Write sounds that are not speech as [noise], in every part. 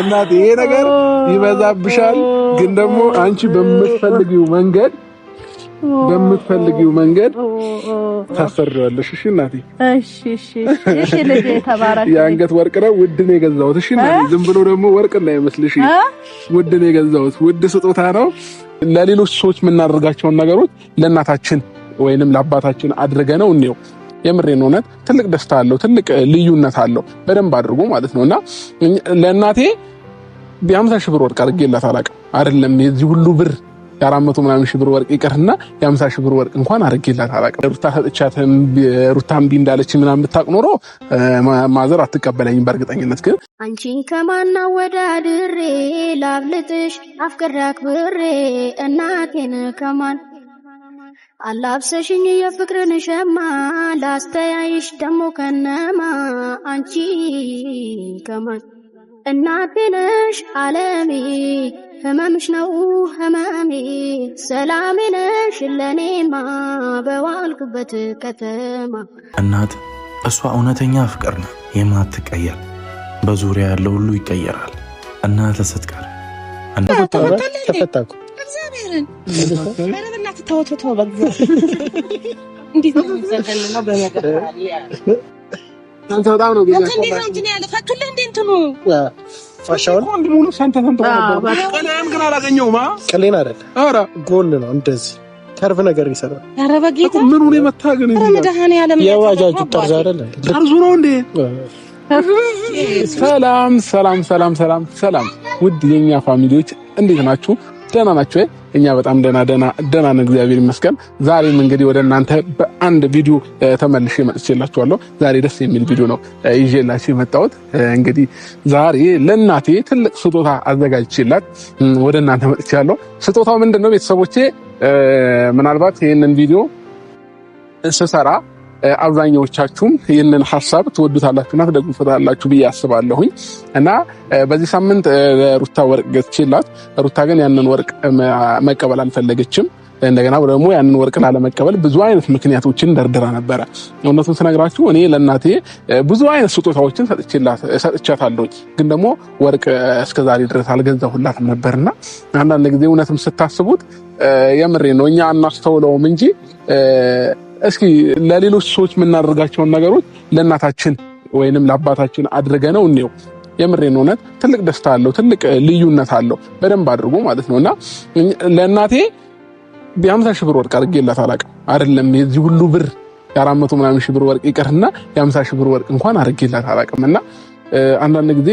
እናት ይሄ ነገር ይበዛብሻል፣ ግን ደግሞ አንቺ በምትፈልጊው መንገድ በምትፈልጊው መንገድ ታሰሪዋለሽ። እሺ እናቴ፣ እሺ እሺ እሺ። ልጅ ተባረክ። የአንገት ወርቅ ነው፣ ውድ ነው የገዛሁት። እሺ እናቴ፣ ዝም ብሎ ደግሞ ወርቅ እንዳይመስልሽ፣ ውድ ነው የገዛሁት። ውድ ስጦታ ነው። ለሌሎች ሰዎች የምናደርጋቸውን ነገሮች ለእናታችን ወይንም ለአባታችን አድርገ ነው እኔው የምሬን እውነት ትልቅ ደስታ አለው፣ ትልቅ ልዩነት አለው። በደንብ አድርጎ ማለት ነው እና ለእናቴ የአምሳ ሺህ ብር ወርቅ አድርጌላት አላውቅም። አይደለም የዚህ ሁሉ ብር የአራት መቶ ምናምን ሺህ ብር ወርቅ ይቅርና የአምሳ ሺህ ብር ወርቅ እንኳን አድርጌላት አላውቅም። ሩታ ሰጥቻትም ሩታ እምቢ እንዳለች ምናምን ብታውቅ ኖሮ ማዘር አትቀበለኝም በእርግጠኝነት። ግን አንቺን ከማና ወዳድሬ ላብልጥሽ አፍቅሬ አክብሬ እናቴን ከማን አላብሰሽኝ የፍቅርን ሸማ ላስተያይሽ ደሞ ከነማ አንቺ ከማን እናቴ ነሽ አለሜ ህመምሽ ነው ህመሜ ሰላሜ ነሽ ለኔማ በዋልኩበት ከተማ እናት እሷ እውነተኛ ፍቅር ነው የማትቀየር በዙሪያ ያለው ሁሉ ይቀየራል። እናት ስትቀር ተፈታ ተው ተው ተው፣ በግዛ ነው እንደዚህ ተርፍ ነገር ይሰራል። ኧረ በጌታ ምን ሆነ መታ ግን የዋጃጁ ጠርዝ ጠርዙ ነው እንዴ? ሰላም ሰላም ሰላም ሰላም ሰላም። ውድ የኛ ፋሚሊዎች እንዴት ናችሁ? ደህና ናቸው። እኛ በጣም ደህና ደና ነን፣ እግዚአብሔር ይመስገን። ዛሬም እንግዲህ ወደ እናንተ በአንድ ቪዲዮ ተመልሼ መጥቼላችኋለሁ። ዛሬ ደስ የሚል ቪዲዮ ነው ይዤላችሁ የመጣሁት። እንግዲህ ዛሬ ለእናቴ ትልቅ ስጦታ አዘጋጅቼላት ወደ እናንተ መጥቻለሁ። ስጦታው ምንድን ነው? ቤተሰቦቼ ምናልባት ይህንን ቪዲዮ ስሰራ አብዛኛዎቻችሁም ይህንን ሀሳብ ትወዱታላችሁና ትደግፉታላችሁ ብዬ አስባለሁኝ እና በዚህ ሳምንት ሩታ ወርቅ ገዝቼላት፣ ሩታ ግን ያንን ወርቅ መቀበል አልፈለገችም። እንደገና ደግሞ ያንን ወርቅ ላለመቀበል ብዙ አይነት ምክንያቶችን ደርድራ ነበረ። እውነቱን ስነግራችሁ እኔ ለእናቴ ብዙ አይነት ስጦታዎችን ሰጥቻታለሁ፣ ግን ደግሞ ወርቅ እስከዛሬ ድረስ አልገዛሁላትም ነበርና አንዳንድ ጊዜ እውነትም ስታስቡት የምሬ ነው እኛ አናስተውለውም እንጂ እስኪ ለሌሎች ሰዎች የምናደርጋቸውን ነገሮች ለእናታችን ወይንም ለአባታችን አድርገ ነው እኔው የምሬን እውነት ትልቅ ደስታ አለው፣ ትልቅ ልዩነት አለው። በደንብ አድርጎ ማለት ነው እና ለእናቴ የሀምሳ ሺህ ብር ወርቅ አድርጌላት አላውቅም። አይደለም የዚህ ሁሉ ብር የአራት መቶ ምናምን ሺህ ብር ወርቅ ይቅርና የሀምሳ ሺህ ብር ወርቅ እንኳን አድርጌላት አላውቅም እና አንዳንድ ጊዜ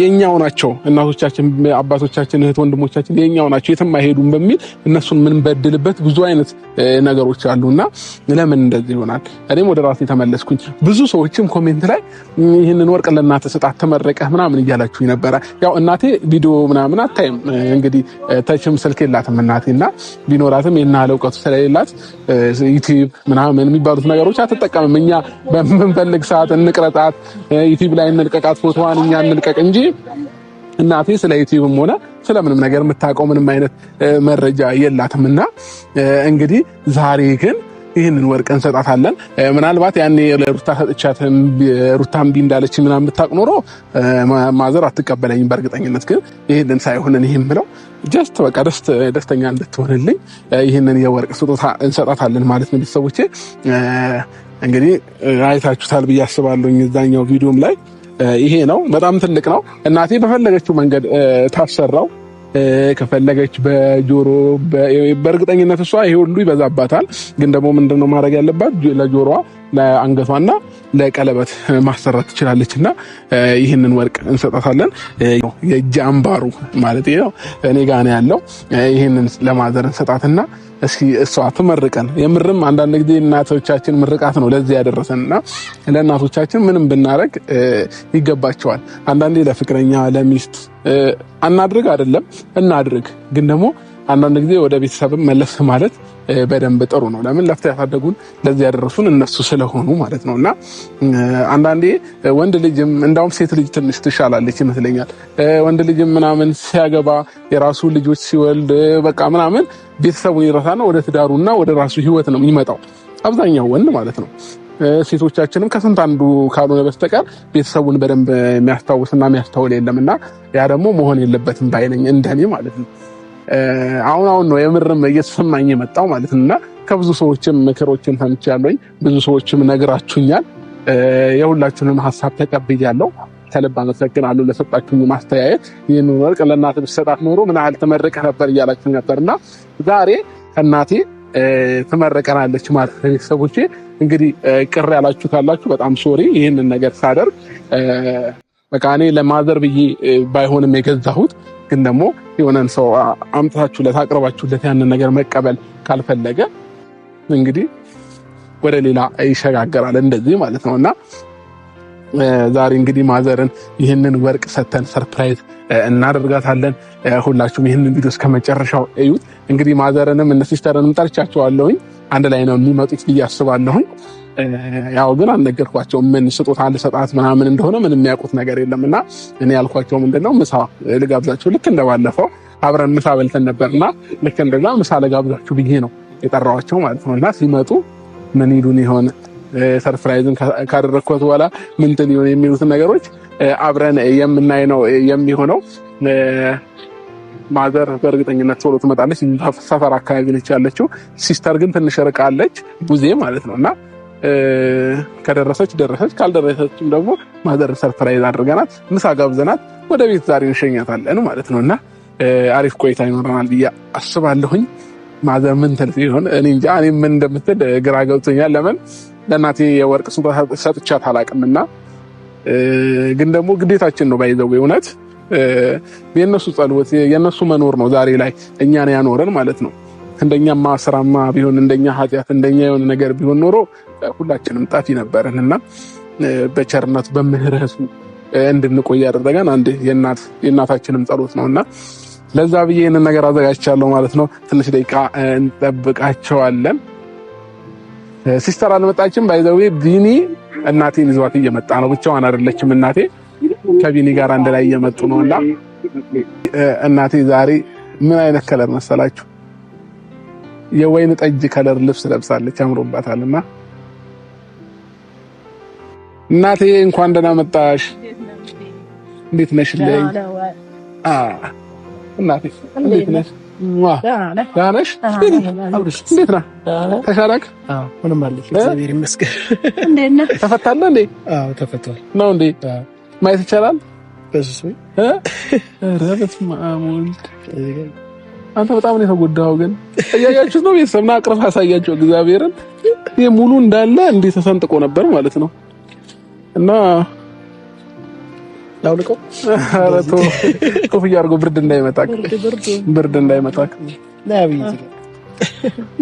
የኛው ናቸው እናቶቻችን፣ አባቶቻችን፣ እህት ወንድሞቻችን የኛው ናቸው የትም አይሄዱም በሚል እነሱን የምንበድልበት ብዙ አይነት ነገሮች አሉ እና ለምን እንደዚህ ይሆናል? እኔም ወደ ራሴ ተመለስኩኝ። ብዙ ሰዎችም ኮሜንት ላይ ይህንን ወርቅ ለእናት ስጣት ተመረቀህ ምናምን እያላችሁ ነበረ። ያው እናቴ ቪዲዮ ምናምን አታይም እንግዲህ ተችም ስልክ የላትም እናቴ እና ቢኖራትም የናለ እውቀቱ ስለሌላት ዩቲዩብ ምናምን የሚባሉት ነገሮች አትጠቀምም። እኛ በምንፈልግ ሰዓት እንቅረጣት፣ ዩቲዩብ ላይ እንልቀቃት ፎቶዋን እኛ እንልቀቅ እንጂ እናቴ ስለ ዩቲዩብም ሆነ ስለምንም ነገር የምታውቀው ምንም አይነት መረጃ የላትም። እና እንግዲህ ዛሬ ግን ይህንን ወርቅ እንሰጣታለን። ምናልባት ያኔ ለሩታ ሰጥቻት ሩታ እምቢ እንዳለች ምናምን ብታውቅ ኖሮ ማዘር አትቀበለኝም በእርግጠኝነት። ግን ይህንን ሳይሆንን ይህም ብለው ጀስት በቃ ደስተኛ እንድትሆንልኝ ይህንን የወርቅ ስጦታ እንሰጣታለን ማለት ነው። ቤተሰቦቼ እንግዲህ አይታችሁታል ብዬ አስባለሁ እዛኛው ቪዲዮም ላይ ይሄ ነው። በጣም ትልቅ ነው። እናቴ በፈለገችው መንገድ ታሰራው ከፈለገች በጆሮ በእርግጠኝነት እሷ ይሄ ሁሉ ይበዛባታል። ግን ደግሞ ምንድነው ማድረግ ያለባት? ለጆሮዋ ለአንገቷና ለቀለበት ማሰራት ትችላለች። እና ይህንን ወርቅ እንሰጣታለን። የእጅ አምባሩ ማለት ነው እኔ ጋ ያለው። ይህንን ለማዘር እንሰጣትና እስኪ እሷ ትመርቀን። የምርም አንዳንድ ጊዜ እናቶቻችን ምርቃት ነው ለዚህ ያደረሰን እና ለእናቶቻችን ምንም ብናደረግ ይገባቸዋል። አንዳንዴ ለፍቅረኛ ለሚስት አናድርግ አይደለም እናድርግ፣ ግን ደግሞ አንዳንድ ጊዜ ወደ ቤተሰብም መለስ ማለት በደንብ ጥሩ ነው። ለምን ለፍታ ያሳደጉን ለዚህ ያደረሱን እነሱ ስለሆኑ ማለት ነው። እና አንዳንዴ ወንድ ልጅም እንዳውም ሴት ልጅ ትንሽ ትሻላለች ይመስለኛል። ወንድ ልጅም ምናምን ሲያገባ የራሱ ልጆች ሲወልድ በቃ ምናምን ቤተሰቡን ይረሳና ወደ ትዳሩና ወደ ራሱ ህይወት ነው የሚመጣው አብዛኛው ወንድ ማለት ነው። ሴቶቻችንም ከስንት አንዱ ካልሆነ በስተቀር ቤተሰቡን በደንብ የሚያስታውስና የሚያስታውል የለም እና ያ ደግሞ መሆን የለበትም ባይነኝ እንደኔ ማለት ነው። አሁን አሁን ነው የምርም እየተሰማኝ የመጣው ማለት እና ከብዙ ሰዎችም ምክሮችን ሰምቻለሁኝ። ብዙ ሰዎችም ነግራችሁኛል። የሁላችሁንም ሀሳብ ተቀብያለሁ። ከልብ አመሰግናለሁ ለሰጣችሁኝ ማስተያየት። ይህን ወርቅ ለእናት ብሰጣት ኖሮ ምን ያህል ትመርቀ ነበር እያላችሁ ነበር እና ዛሬ ከእናቴ ትመረቀናለች ማለት ቤተሰቦቼ። እንግዲህ ቅር ያላችሁ ካላችሁ በጣም ሶሪ። ይህንን ነገር ሳደርግ በቃ እኔ ለማዘር ብዬ ባይሆንም የገዛሁት ግን ደግሞ የሆነን ሰው አምጥታችሁለት አቅርባችሁለት ያንን ነገር መቀበል ካልፈለገ እንግዲህ ወደ ሌላ ይሸጋገራል እንደዚህ ማለት ነው እና ዛሬ እንግዲህ ማዘርን ይህንን ወርቅ ሰተን ሰርፕራይዝ እናደርጋታለን። ሁላችሁም ይህንን ቪዲዮ እስከመጨረሻው እዩት። እንግዲህ ማዘርንም እነ ሲስተርንም ጠርቻቸዋለሁኝ አንድ ላይ ነው የሚመጡት ብዬ አስባለሁኝ። ያው ግን አልነገርኳቸውም ምን ስጦታ ልሰጣት ምናምን እንደሆነ ምንም የሚያውቁት ነገር የለም እና እኔ ያልኳቸው ምንድነው ምሳ ልጋብዛችሁ ልክ እንደባለፈው አብረን ምሳ በልተን ነበርና ልክ እንደዛ ምሳ ልጋብዛችሁ ብዬ ነው የጠራዋቸው ማለት ነው እና ሲመጡ ምን ይሉን ይሆን ሰርፕራይዝን ካደረግኩት በኋላ ምንትን ይሆን የሚሉትን ነገሮች አብረን የምናይ ነው የሚሆነው ማዘር በእርግጠኝነት ቶሎ ትመጣለች ሰፈር አካባቢ ነች ያለችው ሲስተር ግን ትንሽ ርቃለች ቡዜ ማለት ነው እና ከደረሰች ደረሰች፣ ካልደረሰችም ደግሞ ማዘር ሰርፕራይዝ አድርገናት ምሳ ጋብዘናት ወደ ቤት ዛሬ እንሸኛታለን ማለት ነው እና አሪፍ ቆይታ ይኖረናል ብዬ አስባለሁኝ። ማዘር ምን ትል ሲሆን እኔ እንጃ እኔ ምን እንደምትል ግራ ገብቶኛል። ለምን ለእናቴ የወርቅ ስጦታ ሰጥቻት አላውቅም ግን ደግሞ ግዴታችን ነው ባይዘው እውነት የእነሱ ጸሎት የእነሱ መኖር ነው ዛሬ ላይ እኛን ያኖረን ማለት ነው። እንደኛማ ስራማ ቢሆን እንደኛ ኃጢአት እንደኛ የሆነ ነገር ቢሆን ኖሮ ሁላችንም ጣፊ ነበረን እና በቸርነቱ በምህረቱ እንድንቆይ ያደረገን አንድ የእናታችንም ጸሎት ነው እና ለዛ ብዬ ይህንን ነገር አዘጋጅቻለሁ ማለት ነው። ትንሽ ደቂቃ እንጠብቃቸዋለን። ሲስተር አልመጣችም። ባይዘዌ ቢኒ እናቴን ይዟት እየመጣ ነው። ብቻዋን አይደለችም። እናቴ ከቢኒ ጋር አንድ ላይ እየመጡ ነው እና እናቴ ዛሬ ምን አይነት ከለር መሰላችሁ? የወይን ጠጅ ከለር ልብስ ለብሳለች አምሮባታል። እና እናቴ እንኳን ደህና መጣሽ፣ እንዴት ነሽልኝ? እናቴ እንዴት ነሽ? ደህና ነሽ? እንዴት ነህ? ምንም እግዚአብሔር ይመስገን። እንዴት ነህ? እንዴ? አዎ ተፈቷል። ነው እንዴ? ማየት ይቻላል? በዚህ ረበት ማሙል አንተ በጣም ነው የተጎዳኸው። ግን እያያችሁት ነው ቤተሰብ ና አቅርብ አሳያቸው እግዚአብሔርን። ይህ ሙሉ እንዳለ እንዴ ተሰንጥቆ ነበር ማለት ነው። እና ላውልቆ አረቶ ኮፍያ አድርጎ ብርድ እንዳይመጣክ ብርድ እንዳይመጣክ።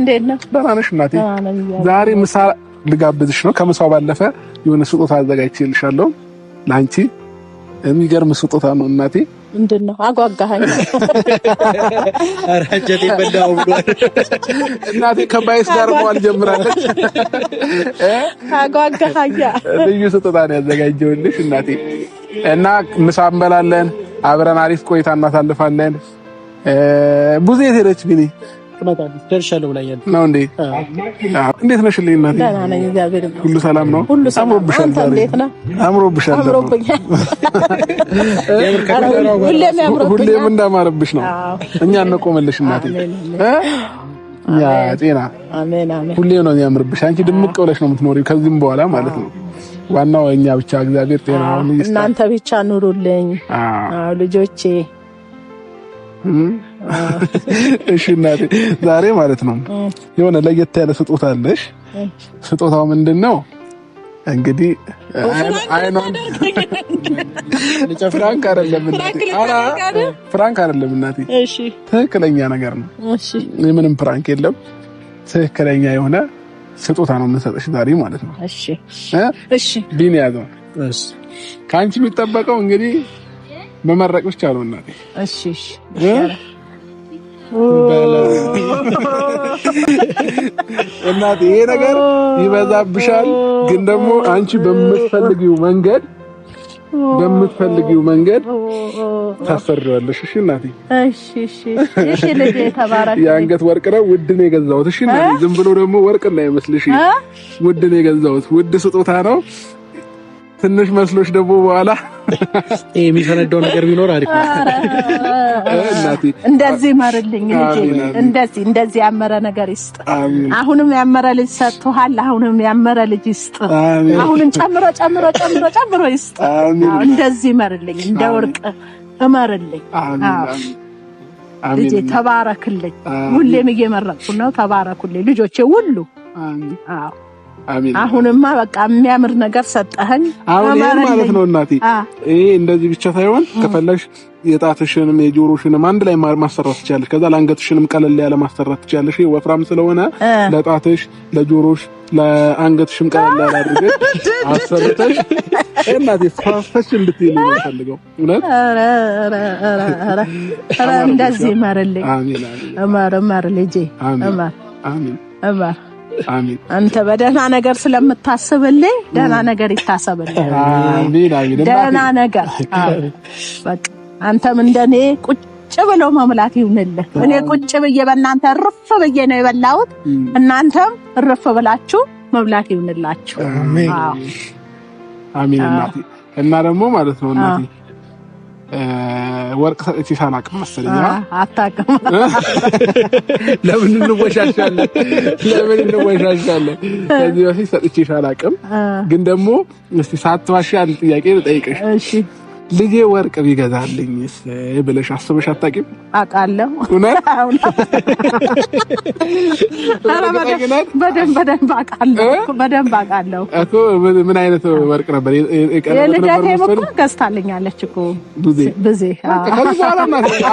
ደህና ነሽ እናቴ? ዛሬ ምሳ ልጋብዝሽ ነው። ከምሳው ባለፈ የሆነ ስጦታ አዘጋጅቼልሻለሁ ለአንቺ። የሚገርም ስጦታ ነው እናቴ ምንድን ነው አጓጋኸኝ። አራጀት ይበላው ብሏል። እናቴ ከባይስ ጋር መዋል ጀምራለች። [laughs] አጓጋኸኝ። ልዩ ስጦታ ነው ያዘጋጀውልሽ እናቴ እና ምሳ እንበላለን አብረን አሪፍ ቆይታ እናሳልፋለን። ብዙ የት ሄደች ቢኒ? እንዴት ነሽ? ሁሉ ሰላም ነው? አምሮብሻል። ሁሌም እንዳማረብሽ ነው። እኛ እንቆመልሽ እናቴ ጤና ሁሌ ነው የሚያምርብሽ። አንቺ ድምቅ ብለሽ ነው የምትኖሪው ከዚህም በኋላ ማለት ነው። ዋናው እኛ ብቻ እግዚአብሔር ጤና እናንተ ብቻ ኑሩልኝ ልጆቼ እሺ እናቴ ዛሬ ማለት ነው የሆነ ለየት ያለ ስጦታ አለሽ። ስጦታው ምንድን ነው? እንግዲህ አይኗን ፍራንክ አይደለም እናቴ፣ ፍራንክ አይደለም እናቴ፣ ትክክለኛ ነገር ነው። ምንም ፍራንክ የለም። ትክክለኛ የሆነ ስጦታ ነው የምንሰጠሽ ዛሬ ማለት ነው። እሺ እሺ። ቢን ያዘው። እሺ ከአንቺ የሚጠበቀው እንግዲህ መመረቅ ብቻ ነው እናቴ። እሺ እሺ [laughs] እናት ይሄ ነገር ይበዛብሻል፣ ግን ደግሞ አንቺ በምትፈልጊው መንገድ በምትፈልጊው መንገድ ታሰርዋለሽ። እሺ እናቴ፣ እሺ እሺ፣ እሺ ልጄ፣ ተባረክ። የአንገት ወርቅ ነው፣ ውድ ነው የገዛሁት። እሺ እናቴ፣ ዝም ብሎ ደግሞ ወርቅ እንዳይመስልሽ፣ ውድ ነው የገዛሁት፣ ውድ ስጦታ ነው። ትንሽ መስሎች ደግሞ በኋላ የሚፈነዳው ነገር ቢኖር አሪፍ ነው። እንደዚህ መርልኝ እንደዚህ እንደዚህ ያመረ ነገር ይስጥ። አሁንም ያመረ ልጅ ሰጥቶሃል። አሁንም ያመረ ልጅ ይስጥ። አሁንም ጨምሮ ጨምሮ ጨምሮ ጨምሮ ይስጥ። እንደዚህ መርልኝ፣ እንደ ወርቅ እመርልኝ። ልጄ ተባረክልኝ። ሁሌም እየመረቅኩ ነው። ተባረኩልኝ ልጆቼ ሁሉ። አዎ አሁንማ በቃ የሚያምር ነገር ሰጠኸኝ። አሁን ይሄን ማለት ነው እናቴ፣ ይሄ እንደዚህ ብቻ ሳይሆን ከፈለሽ የጣትሽንም የጆሮሽንም አንድ ላይ ማሰራት ትችያለሽ። ከዛ ለአንገትሽንም ቀለል ያለ ማሰራት ትችያለሽ። ወፍራም ስለሆነ ለጣትሽ፣ ለጆሮሽ፣ ለአንገትሽም ቀለል ያለ አድርገሽ አሰርተሽ እናቴ ፋፈሽ እንድትይል ነው ፈልገው። እውነት እንደዚህ ማርልኝ፣ ማር ማር ልጄ፣ አሜን፣ ማር አንተ በደህና ነገር ስለምታስብልኝ ደህና ነገር ይታሰብልኝ። ደህና ነገር አንተም እንደኔ ቁጭ ብሎ መብላት ይሁንልህ። እኔ ቁጭ ብዬ በእናንተ እርፍ ብዬ ነው የበላሁት። እናንተም እርፍ ብላችሁ መብላት ይሁንላችሁ። አሜን። እና ደግሞ ማለት ነው እናቴ ወርቅ ሰጥቼሽ አላውቅም መሰለኝ። አታውቅም? [laughs] ለምን እንወሻሻለን? ለምን እንወሻሻለን? ከዚህ በፊት ሰጥቼሽ አላውቅም። ግን ደግሞ እስቲ ሳትዋሺ አንድ ጥያቄ ልጠይቅሽ። እሺ ልጄ ወርቅ ቢገዛልኝ ብለሽ አስበሽ አታውቂም? አውቃለሁ። [laughs] [laughs] በደንብ አውቃለሁ እኮ ምን አይነት ወርቅ ነበር? የልደቴም እኮ ገዝታልኛለች እኮ ብዜ።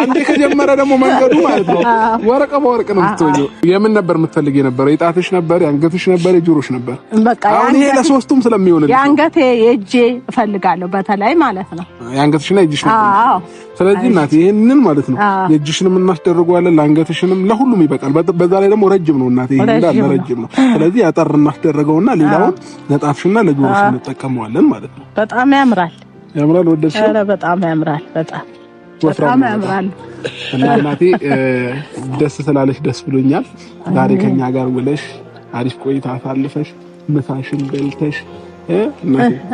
አንዴ ከጀመረ ደግሞ መንገዱ ማለት ነው ወርቅ በወርቅ ነው የምትሆኚው። የምን ነበር የምትፈልጊ ነበር? የጣትሽ ነበር? የአንገትሽ ነበር? የጆሮሽ ነበር? አሁን ይሄ ለሶስቱም ስለሚሆንልሽ የአንገቴ የእጄ እፈልጋለሁ፣ በተለይ ማለት ነው ላይ የእጅሽ ነው። ስለዚህ እናቴ ይሄንን ማለት ነው የእጅሽንም እናስደርገዋለን፣ ለአንገትሽንም ለሁሉም ይበቃል። በዛ ላይ ደግሞ ረጅም ነው እናት ይሄ እንዳለ ረጅም ነው። ስለዚህ ያጠር እናስደረገውና ሌላውን ለጣፍሽና ለጆሮሽ እንጠቀመዋለን ማለት ነው። በጣም ያምራል፣ ያምራል። ወደድሽ? በጣም ያምራል፣ በጣም እና እናቴ ደስ ስላለሽ ደስ ብሎኛል። ዛሬ ከኛ ጋር ውለሽ አሪፍ ቆይታ አሳልፈሽ ምሳሽን በልተሽ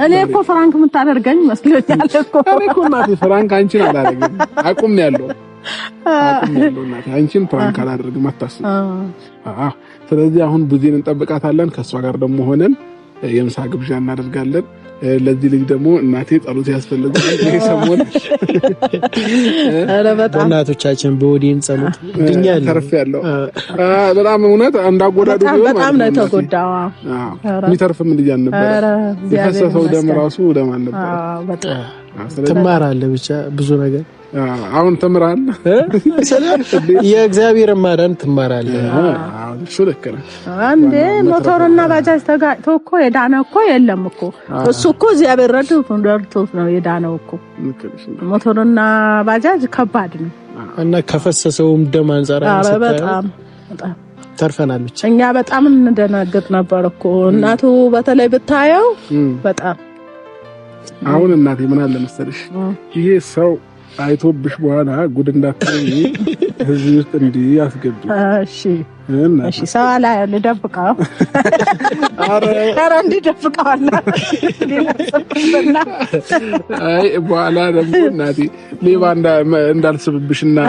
እኔ እኮ ፍራንክ የምታደርገኝ መስሎኛል እኮ እኔ እኮ እናቴ ፍራንክ አንቺን አላደርግም፣ አቁሜያለሁ አቁሜያለሁ እናቴ አንቺን ፍራንክ አላደርግም፣ አታስቢ። አዎ፣ ስለዚህ አሁን ቡዜን እንጠብቃታለን። ከእሷ ጋር ደግሞ ሆነን የምሳ ግብዣ እናደርጋለን። ለዚህ ልጅ ደግሞ እናቴ ጸሎት ያስፈልጋል። ሰሞን [laughs] በእናቶቻችን በወዲን ጸሎት ድኛል ተርፍ ያለው በጣም እውነት እንዳጎዳዱ በጣም ነው የተጎዳው። የሚተርፍም ልጅ አልነበረ። የፈሰሰው ደም ራሱ ደም አልነበረ። ትማራለህ ብቻ ብዙ ነገር አሁን ተምራል። የእግዚአብሔር ማዳን ትማራለህ። እሱ ልክ ነው። እንደ ሞተርና ባጃጅ ተጋጭቶ እኮ የዳነ እኮ የለም እኮ እሱ እኮ እግዚአብሔር ረድቶት ነው የዳነው እኮ። ሞተርና ባጃጅ ከባድ ነው እና ከፈሰሰውም ደም አንጻር በጣም ተርፈናለች። እኛ በጣም እንደናገጥ ነበር እኮ እናቱ በተለይ ብታየው በጣም አሁን እናቴ ምን አለ መሰለሽ ይሄ ሰው አይቶብሽ በኋላ ጉድ እንዳትይ እዚህ ውስጥ እንዲህ አስገቢ። እሺ፣ ሰው አላ ልደብቀው። ኧረ አይ በኋላ ደግሞ እናቴ ሌባ እንዳልስብብሽ እና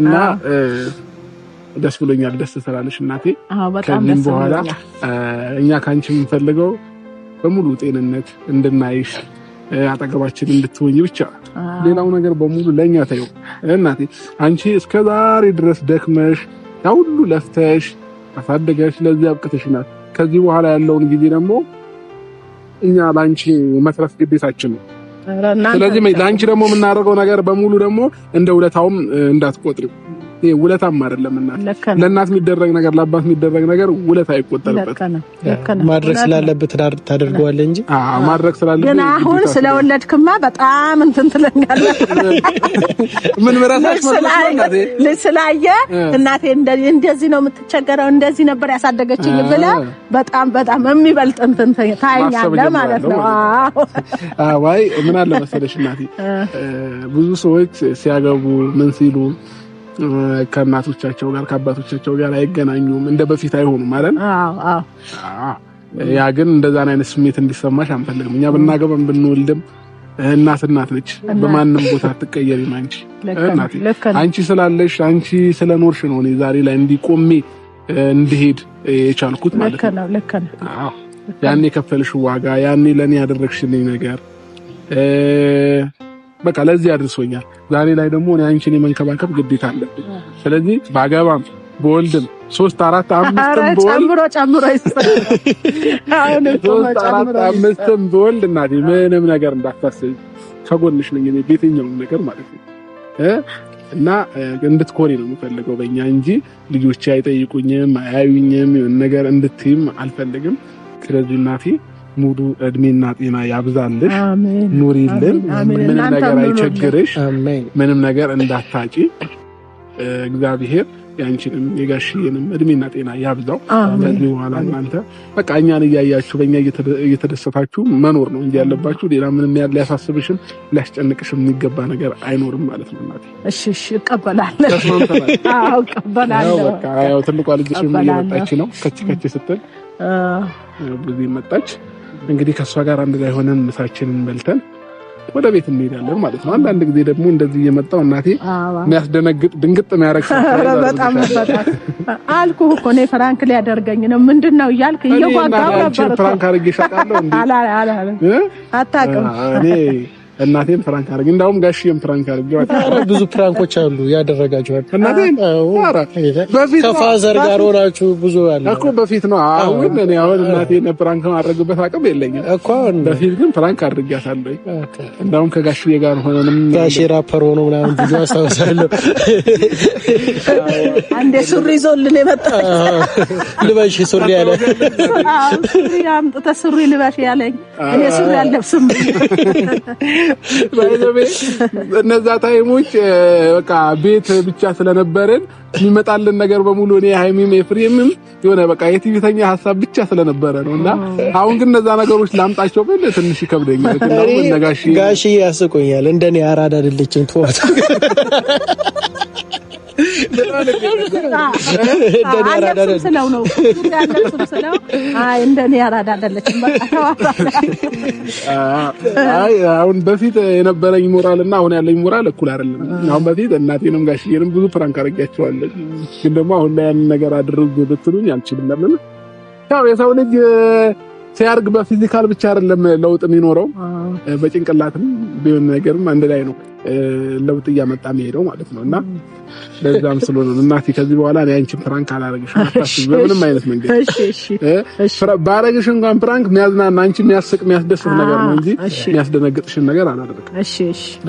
እና ደስ ብሎኛል። ደስ ትላለሽ እናቴ። ከዚህም በኋላ እኛ ከአንቺ የምንፈልገው በሙሉ ጤንነት እንድናይሽ አጠገባችን እንድትሆኝ ብቻ። ሌላው ነገር በሙሉ ለእኛ ተይው። እናቴ አንቺ እስከ ዛሬ ድረስ ደክመሽ ያሁሉ ለፍተሽ አሳደገሽ ለዚህ አብቅተሽናል። ከዚህ በኋላ ያለውን ጊዜ ደግሞ እኛ ለአንቺ መትረፍ ግዴታችን ነው። ስለዚህ ለአንቺ ደግሞ የምናደርገው ነገር በሙሉ ደግሞ እንደ ውለታውም እንዳትቆጥሪው ይሄ ውለታም አይደለም እና ለእናት የሚደረግ ነገር ለአባት የሚደረግ ነገር ውለታ አይቆጠርበት። ማድረግ ስላለበት ታደርገዋለህ እንጂ ማድረግ ስላለበት ግን አሁን ስለወለድክማ በጣም እንትን ትለኛለህ። ምን ልጅ ስላየ እናቴ እንደዚህ ነው የምትቸገረው፣ እንደዚህ ነበር ያሳደገችኝ ብለህ በጣም በጣም የሚበልጥ እንትን ታይኛለህ ማለት ነው። አይ ምን አለ መሰለሽ እናቴ ብዙ ሰዎች ሲያገቡ ምን ሲሉ ከእናቶቻቸው ጋር ከአባቶቻቸው ጋር አይገናኙም፣ እንደ በፊት አይሆኑም አለን። ያ ግን እንደዛን አይነት ስሜት እንዲሰማሽ አንፈልግም። እኛ ብናገባም ብንወልድም እናት እናት ነች። በማንም ቦታ አትቀየሪም። አንቺ አንቺ ስላለሽ አንቺ ስለኖርሽ ነው እኔ ዛሬ ላይ እንዲቆሜ እንድሄድ የቻልኩት ማለት ነው። ያኔ የከፈልሽ ዋጋ፣ ያኔ ለእኔ ያደረግሽልኝ ነገር በቃ ለዚህ አድርሶኛል። ዛሬ ላይ ደግሞ እኔ አንቺን የመንከባከብ ግዴታ አለብኝ። ስለዚህ ባገባም በወልድም ሶስት አራት አምስትም ጨምሮ ጨምሮ ሶስት አራት አምስትም በወልድ እናቴ ምንም ነገር እንዳታስብ ከጎንሽ ነኝ እኔ ቤተኛውም ነገር ማለት ነው እና እንድትኮሪ ነው የምፈልገው በእኛ እንጂ ልጆቼ አይጠይቁኝም፣ አያዩኝም፣ ነገር እንድትይም አልፈልግም። ስለዚህ እናቴ ሙሉ እድሜና ጤና ያብዛልሽ፣ ኑሪልን፣ ምንም ነገር አይቸግርሽ፣ ምንም ነገር እንዳታጪ እግዚአብሔር ያንቺንም የጋሽንም እድሜና ጤና ያብዛው። ከዚህ በኋላ እናንተ በቃ እኛን እያያችሁ በእኛ እየተደሰታችሁ መኖር ነው እንጂ ያለባችሁ ሌላ ምንም ሊያሳስብሽም ሊያስጨንቅሽም የሚገባ ነገር አይኖርም ማለት ነው። እናቴ እሺ፣ እሺ፣ እቀበላለሁ። ትልቋ ልጅሽም እየመጣች ነው። ከች ከች ስትል ብዙ መጣች። እንግዲህ ከእሷ ጋር አንድ ላይ ሆነን ምሳችንን በልተን ወደ ቤት እንሄዳለን ማለት ነው። አንዳንድ ጊዜ ደግሞ እንደዚህ እየመጣው እናቴ የሚያስደነግጥ ድንግጥ የሚያደርግ በጣም አልኩህ እኮ እኔ ፍራንክ ሊያደርገኝ ነው ምንድን ነው እያልክ እየጓጋው ነበር። ፍራንክ አድርጌ እሸጣለሁ እንዴ? አታውቅም እኔ እናቴም ፕራንክ አድርግ፣ እንዳውም ጋሽዬም ፕራንክ አድርግ። ብዙ ፕራንኮች አሉ ያደረጋችኋል። እናቴም ከፋዘር ጋር ሆናችሁ ብዙ አለ እኮ በፊት ነው። አሁን እኔ አሁን እናቴን ፕራንክ ማድረግበት አቅም የለኝም እኮ። በፊት ግን ፕራንክ አድርጊያታለሁ። እንዳውም ከጋሽዬ ጋር ሆነንም ጋሽ ራፐር ሆኖ ምናምን ብዙ አስታውሳለሁ። አንዴ ሱሪ ዞልን የመጣ ልበሽ ሱሪ ያለ ሱሪ አምጥተህ ሱሪ ልበሽ ያለኝ እኔ ሱሪ አልለብስም ባይዘቤ እነዛ ታይሞች በቃ ቤት ብቻ ስለነበረን የሚመጣልን ነገር በሙሉ እኔ ሃይሚም ኤፍሬምም የሆነ በቃ የትዕቢተኛ ሀሳብ ብቻ ስለነበረ ነው። እና አሁን ግን እነዛ ነገሮች ላምጣቸው ብል ትንሽ ይከብደኛል። ጋሽ ያስቆኛል። እንደኔ አራዳ አይደለችም ትወጣ ስለው ነው ስለው አሁን በፊት የነበረኝ ሞራል እና አሁን ያለኝ ሞራል እኩል አይደለም። አሁን በፊት እናቴንም ጋሽዬንም ብዙ ፕራንክ አረጋቸዋለሁ፣ ግን ደግሞ አሁን ላይ ያንን ነገር አድርግ ብትሉኝ አልችልም። ለምን ያው የሰው ልጅ ሲያርግ በፊዚካል ብቻ አይደለም ለውጥ የሚኖረው በጭንቅላትም ቢሆን ነገርም አንድ ላይ ነው። ለውጥ እያመጣ መሄደው ማለት ነው። እና ለዛም ስለሆነ እናቴ ከዚህ በኋላ አንቺን ፕራንክ አላረግሽ በምንም አይነት መንገድ ባረግሽ እንኳን ፕራንክ የሚያዝናና አንቺ የሚያስቅ የሚያስደስት ነገር ነው እንጂ የሚያስደነግጥሽን ነገር አላደረግም።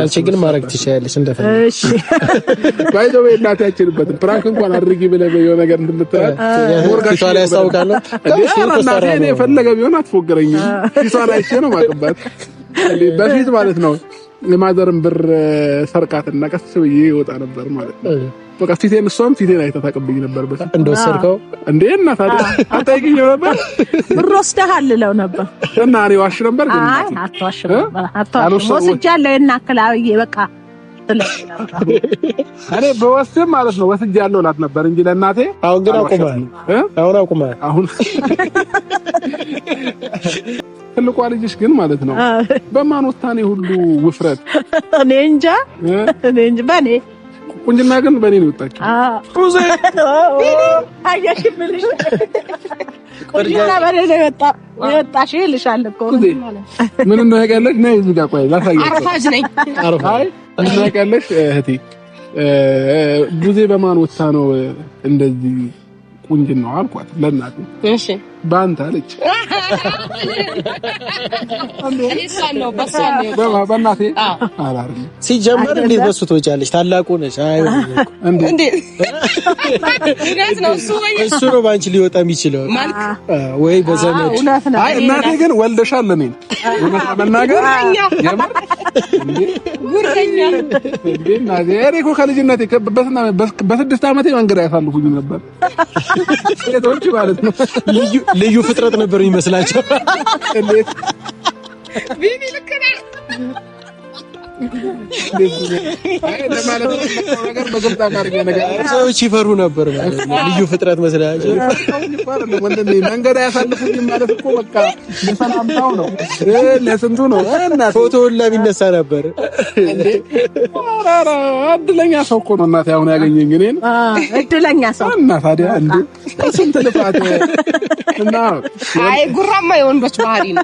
አንቺ ግን ማድረግ ትችያለሽ እንደፈለግሽ። [laughs] እናቴ አይችልበትም ፕራንክ እንኳን አድርጊ ብለህ የሆነ ነገር የፈለገ ቢሆን አትፎግረኝም። ፊቷን አይቼ ነው የማውቅባት በፊት ማለት ነው የማዘርን ብር ሰርቃትና ቀስ ብዬ ይወጣ ነበር ማለት ነው። በቃ ፊቴን እሷም ፊቴን አይታ ታውቅብኝ ነበር። በ እንደወሰድከው እንዴ እና ታዲያ አታይቅኝ ነበር ብር ወስደሃል እለው ነበር እና እኔ ዋሽ ነበር አይ አትዋሽ ነበር አትዋሽ ወስጃለሁ የናክላዊ በቃ እኔ በወስም ማለት ነው ወስጅ ያለው ላት ነበር እንጂ ለእናቴ። አሁን ግን አቁመሃል። አሁን አቁመሃል። አሁን ትልቋ ልጅሽ ግን ማለት ነው በማን ወታኔ ሁሉ ውፍረት እኔ እንጃ እኔ እንጃ በእኔ ቁንጅና ግን በእኔ ነው የወጣችው። ብዙ አያሽብልሽ ቁንጅና በእኔ ነው የወጣ የወጣሽ ይልሻል እኮ ምን እንደሆነ ያውቃለሽ። ነይ እዚህ ጋር ቆይ እህቴ ቡዜ በማን ወታ ነው እንደዚህ አልኳት ለእናቴ። እሺ በአንተ አለች። በእናቴ ሲጀመር እንዴት በሱ ትወጫለች? ታላቁ ነች። እሱ ነው በአንቺ ሊወጣ የሚችለው ወይ በዘመድ እናቴ ግን ወልደሻል። ለኔን እውነት ለመናገር እኔ እኮ ከልጅነቴ በስድስት ዓመቴ መንገድ አያሳልፉኝም ነበር ሴቶች ማለት ነው። ልዩ ፍጥረት ነበር የሚመስላቸው። ሰዎች ይፈሩ ነበር ማለት ነው። ልዩ ፍጥረት መስላቸው መንገድ አያሳልፉኝም ማለት እኮ በቃ ለሰላምታው ነው፣ ለስንቱ ነው እና ፎቶውን ለሚነሳ ነበር። እድለኛ ሰው እኮ ነው እናቴ አሁን ያገኘኝ እኔን እድለኛ ሰው እና ታዲያ እንደ ስንት ልፋት እና አይ ጉራማ የወንዶች ባህሪ ነው።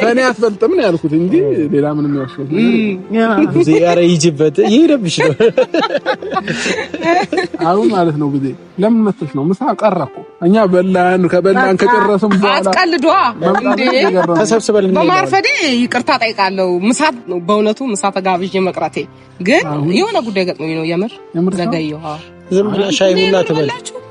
ከእኔ አትበልጥም ነው ያልኩት እንጂ ሌላ ምንም ያልኩት ኧረ ይጅበት ይሄደብሽ ነው። አሁን ማለት ነው ጊዜ ለምን መሰለሽ ነው ምሳ ቀረ እኮ እኛ በላን ከበላን ከጨረስን በኋላ በማርፈዴ ይቅርታ ጠይቃለሁ። ምሳ በእውነቱ ምሳ ተጋብዤ መቅረቴ ግን የሆነ ጉዳይ ገጥሞኝ ነው የምር ዘገየሁ። ዝም ብለሽ ሻይ ቡና ትበል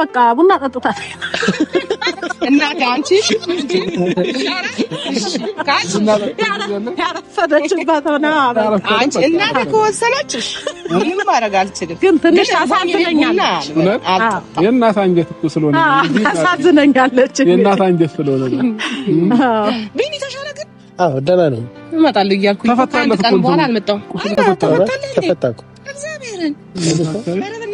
በቃ ቡና ጠጥታት እናቴ አንቺ ያረፈደችበት አንቺ እናቴ ከወሰነችሽ ምንም ማድረግ አልችልም፣ ግን ትንሽ አሳዝነኛለች። የእናት አንጀት እኮ ስለሆነ አሳዝነኛለች። የእናት አንጀት ስለሆነ ቢኒ ተሻለ ግን አዎ፣ ደህና ነው። እመጣለሁ እያልኩኝ ከአንድ ቀን በኋላ አልመጣሁም። ተፈታ እግዚአብሔርን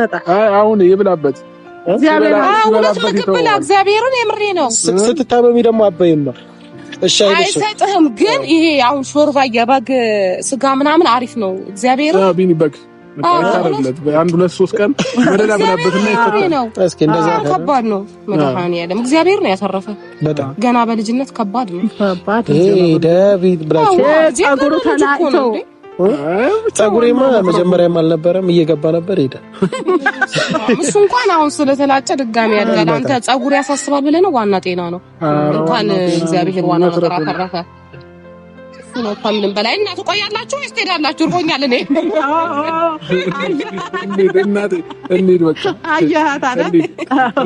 አትመጣ። አሁን ይብላበት እግዚአብሔርን የምሬ ነው። ስትታመሚ ደግሞ አበይማ አይሰጥህም። ግን ይሄ አሁን ሾርባ የበግ ስጋ ምናምን አሪፍ ነው። እግዚአብሔር ቢኒ በግ አንድ ሁለት ሶስት ቀን መደዳ ብላበትና ከባድ ነው። መድኃኒዓለም እግዚአብሔር ነው ያተረፈ። ገና በልጅነት ከባድ ነው። ከባድ ነው። ሄደ ቢኒ ብላችሁ ጸጉሬማ መጀመሪያም አልነበረም፣ እየገባ ነበር ሄደ። እሱ እንኳን አሁን ስለተላጨ ድጋሚ ያድጋል። አንተ ጸጉር ያሳስባል ብለህ ነው? ዋና ጤና ነው። እንኳን እግዚአብሔር ዋና ነገር አተረፈ። ከምንም በላይ እናቱ ቆያላችሁ ወይስ ትሄዳላችሁ? እርቦኛል። እኔ እንሂድ፣ እናቴ እንሂድ፣ በቃ አየሃት አይደል